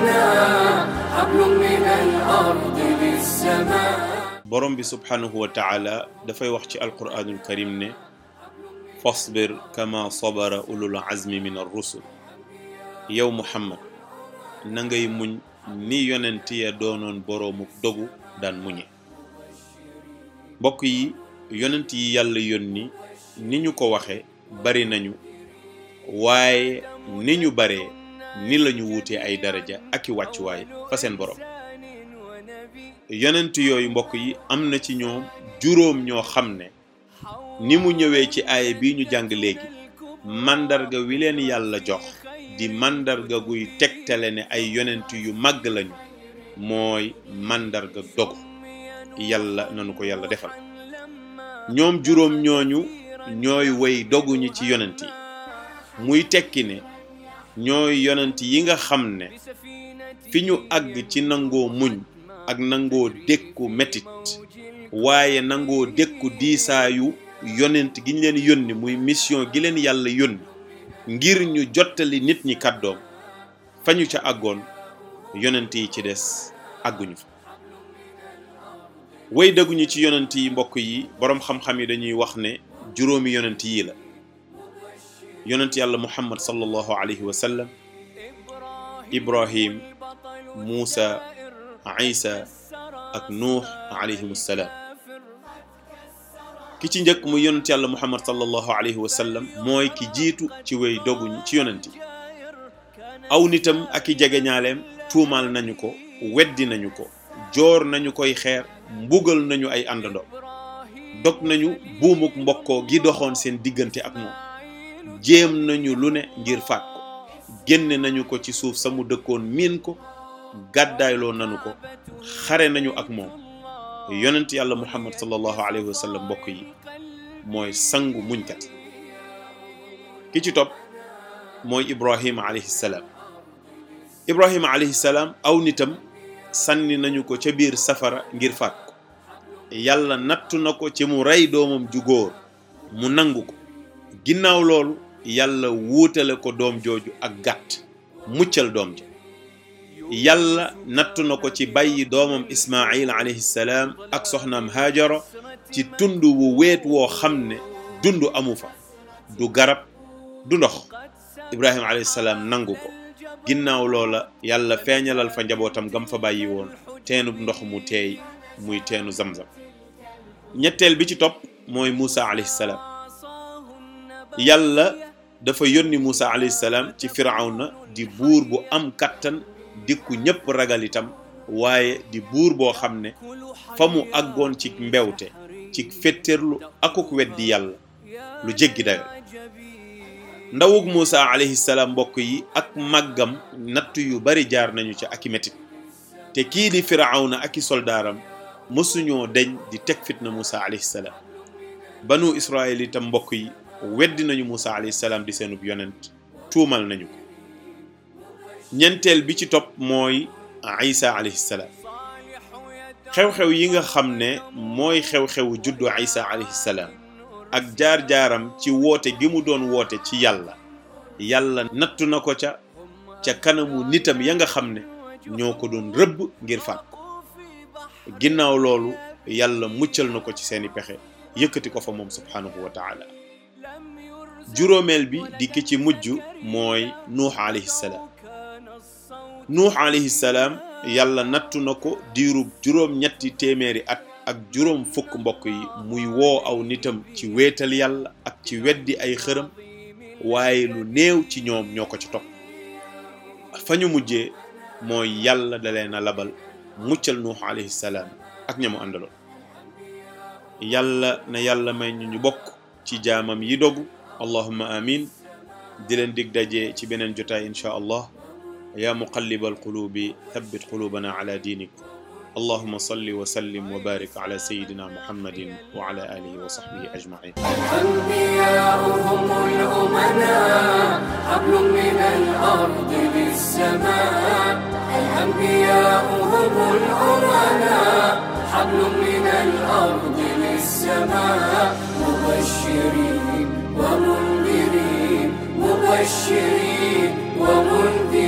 لنا borom bi subhanahu wa taala dafay wax ci alquraanul karim ne fasbir kama sabara ulul azmi min ar-rusul yow muhammad na ngay muñ ni yonent ya doonoon boroomu dogu daan muñe mbokk yi yonent yi yàlla yónni ni ñu ko waxe bari nañu waaye ni ñu baree ni lañu ñu ay daraja ak i wàccuwaay fa seen borom yonent yooyu mbokk yi am na ci ñoom juróom ñoo xam ne ni mu ñëwee ci aaya bi ñu jàng léegi màndarga wi leen yàlla jox di màndarga guy tegtale ne ay yonent yu màgg lañu mooy màndarga dogu yàlla nanu ko yàlla defal ñoom juróom ñooñu ñooy way doguñu ci yonent yi muy tekki ne ñoo yonent yi nga xam ne fi ñu àgg ci nangoo muñ ak nangoo dékku metit waaye nangoo dékku diisaayu yonent gi ñu leen yónni muy mission gi leen yàlla yónni ngir ñu jottali nit ñi kàddoom fa ñu ca àggoon yonent yi ci des àgguñu fa way dëgguñu ci yonent yi mbokk yi boroom xam-xam yi dañuy wax ne juróomi yonent yii la yonent yàlla muhammad sallallahu alayhi wa sallam ibrahim muusa isa ak nuux alayhim salaam ki ci njëkk muy yonent yàlla muhammad sallallahu alayhi wa mooy ki jiitu ci wéy doguñu ci yonent yi aw nitam ak i jegeñaaleem tuumaal nañu ko weddi nañu ko joor nañu koy xeer mbugal nañu ay àndandoo dog nañu buumuk mbokkoo gi doxoon seen diggante ak moom jéem nañu lu ne ngir faat ko génne nañu ko ci suuf sa mu dëkkoon miin ko gàddaayloo nañu ko xare nañu ak moom yonent yàlla muhammad sallallahu alayhi wa mbokk yi mooy sangu muñkat ki ci topp mooy ibrahima alayhi salaam ibrahima alayhi salaam aw nitam sànni nañu ko ca biir safara ngir faat ko yàlla nattu na ko ci mu rey doomam ju góor mu nangu ko ginnaaw loolu yàlla wuutale ko doom jooju ak gàtt muccal doom ji yàlla nattu na ko ci bàyyi doomam ismail alayhi salaam ak soxnaam haajara ci tund wu weet woo xam ne dund amu fa du garab du ndox ibrahima alayhi nangu ko ginnaaw loola yàlla feeñalal fa njabootam gam fa bàyyi woon teenu ndox mu teey muy teenu zamzam ñetteel bi ci topp mooy muusa alayhi yàlla dafa yónni Moussa alayhi salaam ci na di buur bu am kattan dikku ñépp ragalitam waaye di buur boo xam ne fa mu àggoon ci mbewte ci fetteerlu akuk weddi yàlla lu jéggi dayo ndawug Moussa alayhi mbokk yi ak maggam natt yu bari jaar nañu ci aki metit te kii di Firawna aki soldaaram mësuñoo deñ di teg fitna Moussa alayhi salaam banu Israël mbokk yi weddi nañu Moussa alayhi salaam di seenub yonent tuumal nañu ko ñenteel bi ci topp mooy Isa alayhi xew-xew yi nga xam ne mooy xew xew juddu Isa alayhi salaam ak jaar-jaaram ci woote gi mu doon woote ci yàlla yàlla nattu na ko ca ca kanamu nitam ya nga xam ne ñoo ko doon rëbb ngir faat ko ginnaaw loolu yàlla muccal na ko ci seeni pexe yëkkati ko fa moom subhaanahu wa taala juróomeel bi dikk ci mujj mooy nuux alayhi nuux alayhi yàlla nattu na ko diirub juróom ñetti téeméeri at ak juróom fukk mbokk yi muy woo aw nitam ci weetal yàlla ak ci weddi ay xërëm waaye lu neew ci ñoom ñoo ko ci topp fa ñu mujjee mooy yàlla da na labal muccal nuux alayhi salaam ak ñamu àndaloon yàlla na yàlla may ñu ñu bokk ci jaamam yi dogu allahumma amin di leen dig daje ci beneen jotaay inchaa allah yaa muqalliba alqulubi thabbit qulubana ala diinik allahumma salli wa sallim wa barik ala sayidina muhammadin wa ala alihi wa sahbihi ajmain السماء مبشرين ومنذرين مبشرين ومنذرين